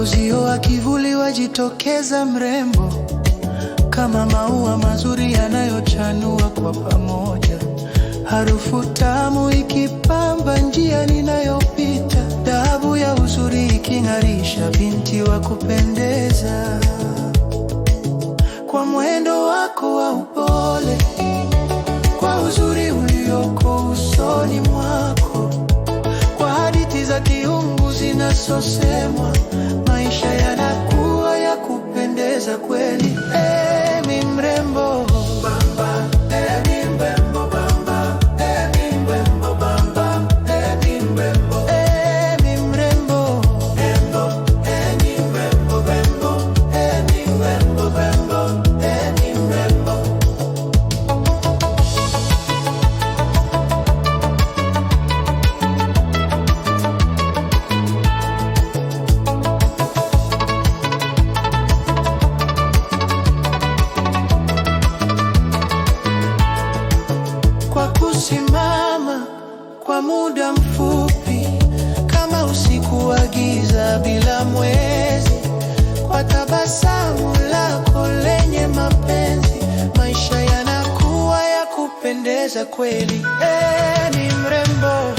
uzio wa kivuli wajitokeza mrembo, kama maua mazuri yanayochanua kwa pamoja, harufu tamu ikipamba njia ninayopita, dhahabu ya uzuri iking'arisha, binti wa kupendeza kwa mwendo wako wa yasiyosemwa, maisha yanakuwa ya kupendeza kweli. kusimama kwa muda mfupi kama usiku wa giza bila mwezi, kwa tabasamu lako lenye mapenzi, maisha yanakuwa ya kupendeza kweli. E, ni mrembo